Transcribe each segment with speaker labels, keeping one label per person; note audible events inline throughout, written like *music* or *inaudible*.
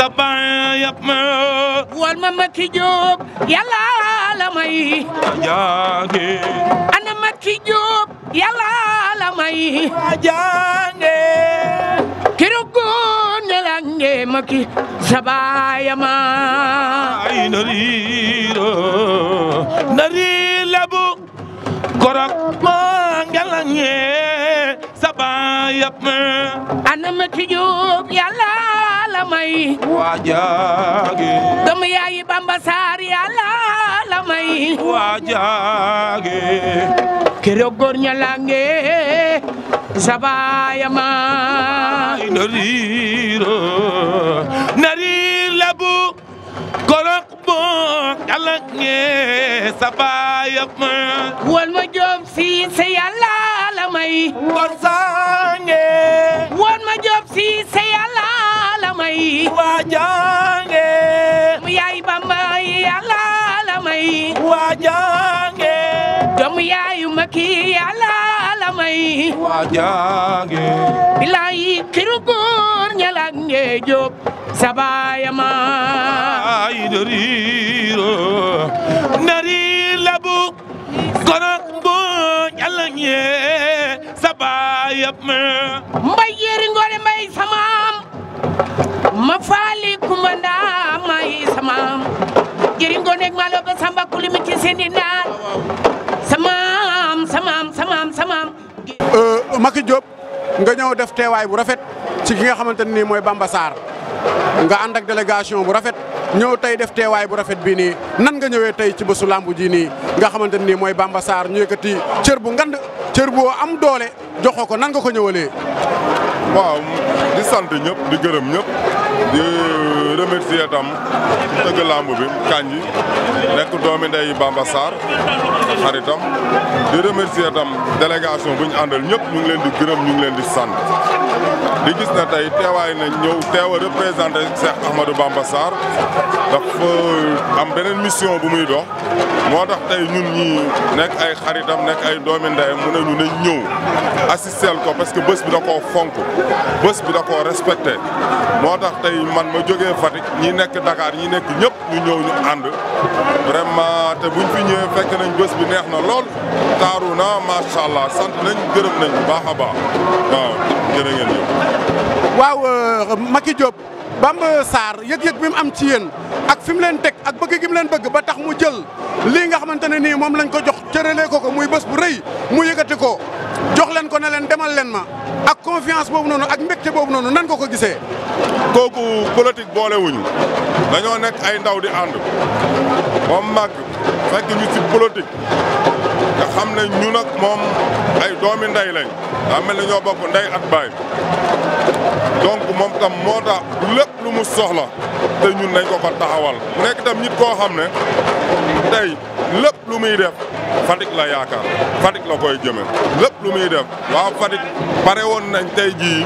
Speaker 1: sa baay yab ma ma Macky Diop yàlla la may jaange ana Macky Diop yàlla la may jaange kirugo nelange Macky sa baay ma ay nariro nari labu korok ma ngalange sa baay yab ma ana Macky Diop la may doomu yaayi Bamba Saar yàlla la may waajaage keroog góor ña lange sabayama nariiro ah. nariir la bu korok bo yàlla nge sabayama wol ma joob siise yàlla la may korsange ma joob siise yàlla may waa jànge mu yaay Bamba yàlla waa jànge doomu yaayu Maki yàlla waa jànge bilaay xiru góor ñalaak ngee jóg nari labu konak góor ñala ngee sabaayama mbay yeri ngoore samaam ma faali kumba ndaama yi sama jëriñ gone ak maalo ba samba kuli i ndaal samaam samaam samaam samaam
Speaker 2: euh, Macky Diop nga ñëw def teewaay bu rafet ci ki nga xamante ne nii mooy Bamba Sarr nga ànd ak bu rafet ñëw tey def teewaay bu rafet bii nii nan nga ñëwee tey ci bésu làmb ji nii nga xamante ne nii mooy Bamba Sarr ñu yëkkati cër bu ngand cër boo
Speaker 3: am doole joxoo ko nan nga ko ñëwalee. waaw di sant ñëpp di gërëm ñëpp di. remercier tam tëgg làmb bi Kandji nekk doomi ndeyu Bamba Sarr xaritam di remercier tam délégation bu ñu àndal ñëpp ñu ngi leen di gërëm ñu ngi leen di sant di gis na tey teewaay na ñëw teew a représenté Cheikh Ahmadou Bamba Sarr dafa am beneen mission bu muy dox moo tax tey ñun ñi nekk ay xaritam nekk ay doomi ndeyam mu ne ñu nañ ñëw assisteel ko parce que bés bi da koo fonk bés bi da koo respecté moo tax tey man ma jógee fa Fatick ñi nekk Dakar ñi nekk ñëpp ñu ñëw ñu ànd vraiment te buñ fi ñëwee fekk nañ bés bi neex na lool taaru na macha allah sant nañ gërëm nañ bu a baax waaw jërë ñëw. waaw euh, Macky
Speaker 2: Diop Bamba Sarr yëg-yëg bi mu am ci yéen ak fi mu leen teg ak bëgg gi leen bëgg ba tax mu jël lii nga xamante ne nii moom lañ ko jox cëralee ko ko muy bés bu rëy mu yëkkati ko jox leen ko ne leen demal leen ma ak confiance boobu noonu ak mbégte boobu noonu nan ko ko gisee.
Speaker 3: kooku politique boolewuñu dañoo nekk ay ndaw di ànd moom màgg fekk ñu ci politique nga xam ne ñu moom ay doomi ndey lañ daa mel ne ñoo bokk ndey ak baay. donc moom tam moo tax lépp lu mu soxla te ñun nañ ko ko taxawal mu nekk tam ñit koo xam ne tey lépp lu muy def Fatick la yaakaar Fatick la koy jëme lépp lu muy def waa Fatick pare woon nañ tey jii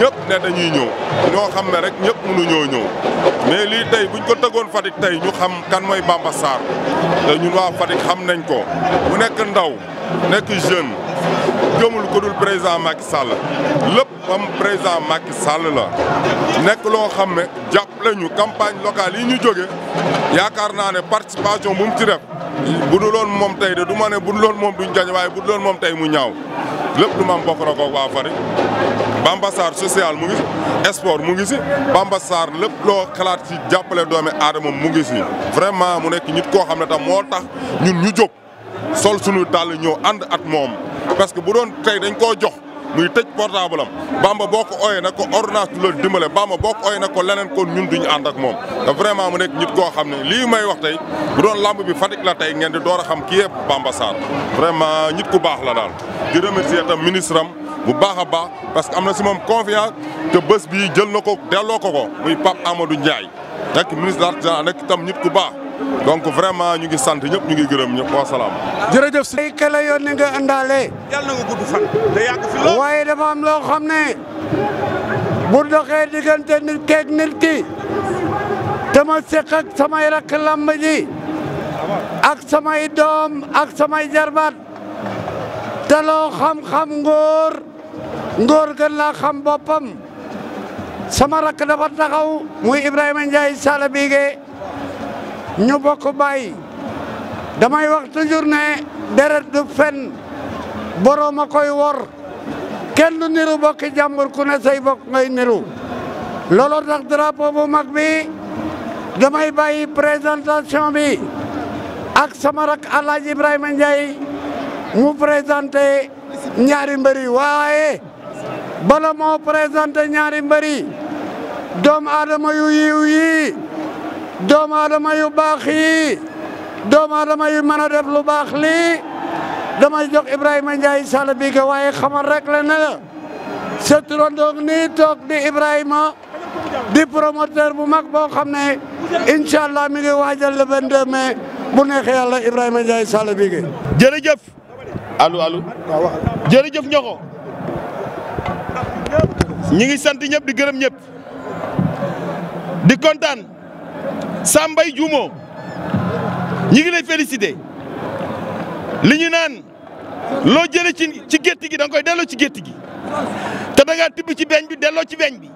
Speaker 3: ñëpp ne dañuy ñëw ñoo xam ne rek ñëpp mënu ñoo ñëw ñëw mais lii tey buñ ko tëggoon Fatick tey ñu xam kan mooy Bamba Sarr te ñun waa Fatick xam nañ ko mu nekk ndaw nekk jeune gëmul ko dul président Macky Sall lépp comme président Macky Sall la nekk loo xam ne jàpp ñu campagne locale yi ñu jóge yaakaar naa ne participation bu mu ci def bu dul woon moom tey de du ma ne bu dul woon moom duñ gañ waaye bu dul woon moom tey mu ñaaw lépp lu ma am bokk na ko waa fari mu ngi si sport mu ngi si Bamba Sarr lépp loo xalaat ci jàppale doomi aadama mu ngi si vraiment mu nekk nit koo xam ne tam moo tax ñun ñu jóg sol suñu dàll ñëw ànd at moom parce que bu doon tey dañ koo jox muy tëj portable am Bamba boo ko ooyee na ko ordonnance du la dimbale Bamba boo ko ooyee nag ko leneen kon ñun duñu ànd ak moom te vraiment mu nekk nit koo xam ne lii may wax tey bu doon lamb bi Fatick la tey ngeen di door a xam ki yëpp Bamba Sarr vraiment nit ku baax la daal di remercier tam ministre am bu baax a baax parce que am na si moom confiance te bés bii jël na ko delloo ko ko muy Pape Amadou Ndiaye nekk ministre de l'artisanat nekk tam nit ku baax donc vraiment ñu ngi sant ñëpp ñu ngi gërëm ñëpp wa salaam. jërëjëf si. ay kala yoon ni nga àndaale.
Speaker 4: yàlla na te yàgg fi waaye dama loo xam ne bu doxee diggante nit keeg nit ki dama seq ak samay rakk làmb ak samay doom ak samay jarbaat te loo xam-xam ngóor ngóor gën laa xam boppam sama rakk dafa taxaw muy Ibrahima Ndiaye Sala ñu bokk bàyyi damay wax toujours ne deret du fen boroom a koy wor kenn du niru bokki jàmbur ku ne say bokk ngay niru looloo tax drapeau bu mag bi damay bàyyi présentation bi ak sama rak Alaaji Ibrahima Ndiaye mu présenté ñaari mbëri waaye bala moo présenté ñaari mbëri doomu aadama yu yiw yi doomu aadama yu baax yi doomu aadama yu mën a def lu baax lii damay jox Ibrahima Ndiaye Sall bi waaye xamal rek la ne la sa turandoo nii toog di Ibrahima di promoteur bu mag boo xam ne incha allah mi ngi waajal le 22 bu neexee yàlla Ibrahima Ndiaye Sall bi ga. jërëjëf. allo allo.
Speaker 5: jërëjëf ñoxo ñi ngi sant ñëpp di gërëm ñëpp di kontaan. Sambay Juumo ñi ngi lay félicité li ñu naan loo jële ci ci gétt gi da koy delloo ci gétt gi te da ngaa tibb ci beñ bi delloo ci beñ bi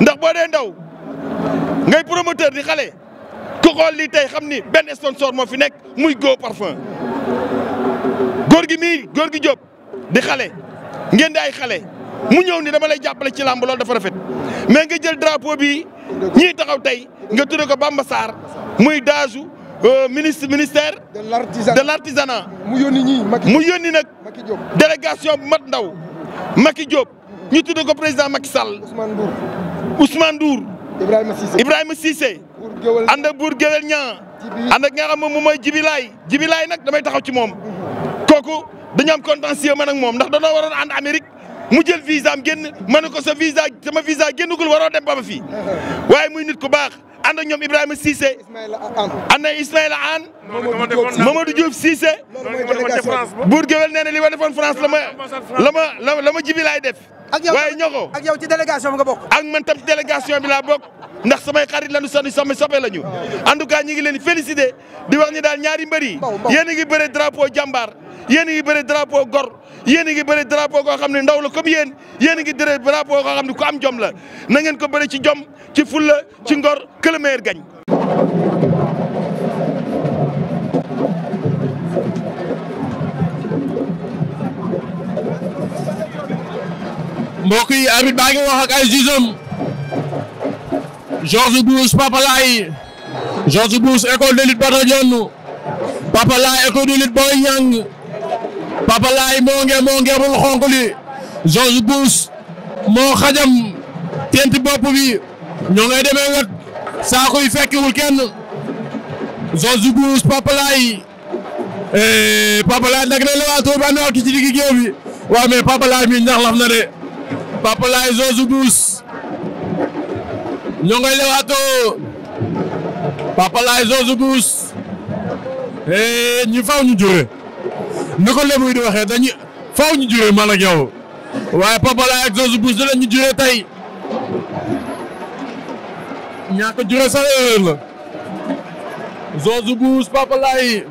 Speaker 5: ndax boo dee ndaw ngay promoteur di xale ku xool lii tey xam ni benn sponsor moo fi nekk muy Go Parfum góor gi mii góor gi Diop di xale ngeen di ay xale mu ñëw ni dama lay jàppale ci làmb loolu dafa rafet mais nga jël drapeau bi ñii taxaw tey. nga tuddee ko Bamba Sarr muy daaju euh, ministre ministère. de l' artisanat de mu yónni mu yónni nag. délégation bu mat ndaw. Macky Diop ñu tuddee ko président Macky Sall. Ousmane Ndour Ousmane Ndour. Ibrahima Cissé Ibrahima Cissé. ànd buur géwél ñaa ànd ak nga xam moom mooy jibilaay jibilaay nag damay taxaw ci moom. kooku dañoo am contentieux man ak moom ndax dañoo waroon ànd Amérique mu jël visa am génn ma ne ko sa visa sama visa génnagul waroo dem ba ba *laughs* waaye muy nit ku baax. ànd ak ñoom Ibrahima Cissé ànd ak Ismaïla Anne Mamadou Diouf Cissé buur géwél li ma defoon France la ma ma la ma jibi def waaye ñoxo ak yow ci délégation bi nga bokk ak man tam bi laa bokk ndax samay xarit lañu sonni sama soppe lañu en tout cas ñi ngi leen félicité di wax ni daal ñaari mbër yi a ngi bëre drapeau jàmbaar yéen a ngi bëre drapeau gor yéen a ngi bëre drapeau koo xam ne ndaw la comme yéen yéen a ngi bëre drapeau koo xam ne ku am jom la ngeen ko bëre ci jom ci fulla ci ngor que le meilleur gagne
Speaker 2: mbokk yi arbitre baa ngi wax ak Papa Laye Georges Douce école de lutte Papa Laye école de lutte Boy Papa Laye moo nge moo nge bul xonk li Georges Douce moo xajam tent bopp bi ñoo ngay demee ngat saako yi fekkiwul kenn Zoss Bruce Papa Laye eh, Papa Laye nag ne la waa Touba ci digg géew bi waaw mais Papa Laye mi ñax laf na de Papa Laye Zoss ñoo ngay lewaatoo Papa Laye Zoss Bruce eh, ñi faw ñu jure ni ko lebuy di waxee dañu faw ñu jure man ak yow waaye Papa Laye ak Zoss Bruce dinañu jure tey ñàkk jure sa erreur la Zozu Buus Papa Laye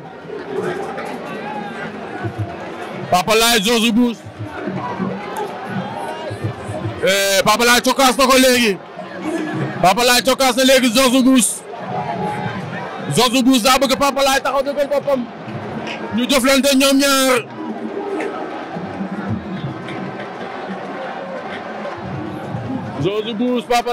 Speaker 2: Papa Laye Zozu Buus eh Papa cokkaas na ko léegi Papa Laye cokkaas na léegi Zozu Buus Zozu Buus daa bëgg Papa Laye taxaw dëggal boppam ñu jëflante ñoom ñaar Zozu Buus Papa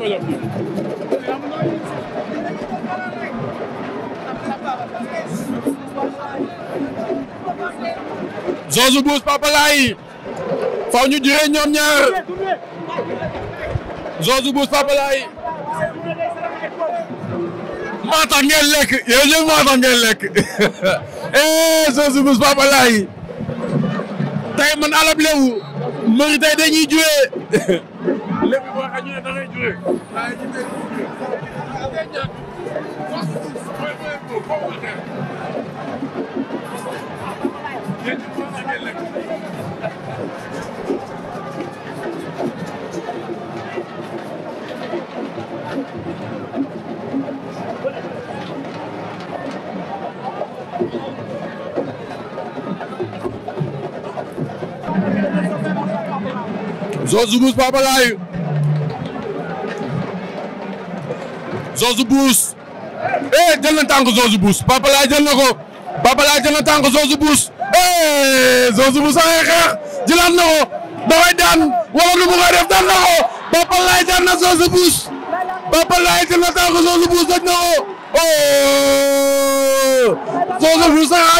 Speaker 2: nga jot. George Bush Papa Laye faw ñu ñoom ñaar George Bush Papa Laye maa tax ngeen lekk yéen ñëpp maa tax ngeen lekk *laughs* eh George mbëri tey dañuy juree. lépp boo xañee da ngay juree. waaye ñu ngi lay juree. Thank you. Zoss bu Mbuus Papa Laye Zoss bu Mbuus eh jël na tànk Zoss eh, a ngi xeex jëlaat na ko daan wala lu mu koy daan na ko Papa Laye daan na Zoss bu Mbuus Papa oh! a ngi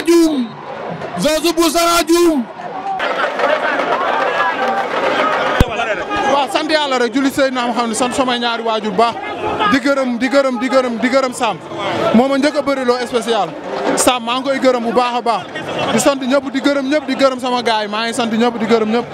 Speaker 3: juum Zoss a ngi juum waaw sant yàlla rek julli sëy naam xam ne sant samay ñaari waajur baax di gërëm di gërëm di gërëm di gërëm Sam moom a njëkk a bëri loo spécial Sam maa ngi koy gërëm bu baax a baax di sant ñëpp di gërëm ñëpp di gërëm sama gaay yi maa ngi sant ñëpp di gërëm ñëpp